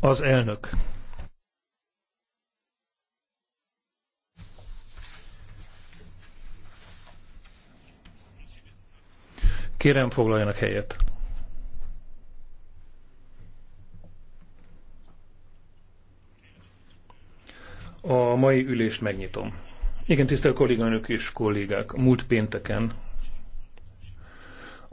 Az elnök. Kérem foglaljanak helyet. A mai ülést megnyitom. Igen, tisztelt kolléganők és kollégák, múlt pénteken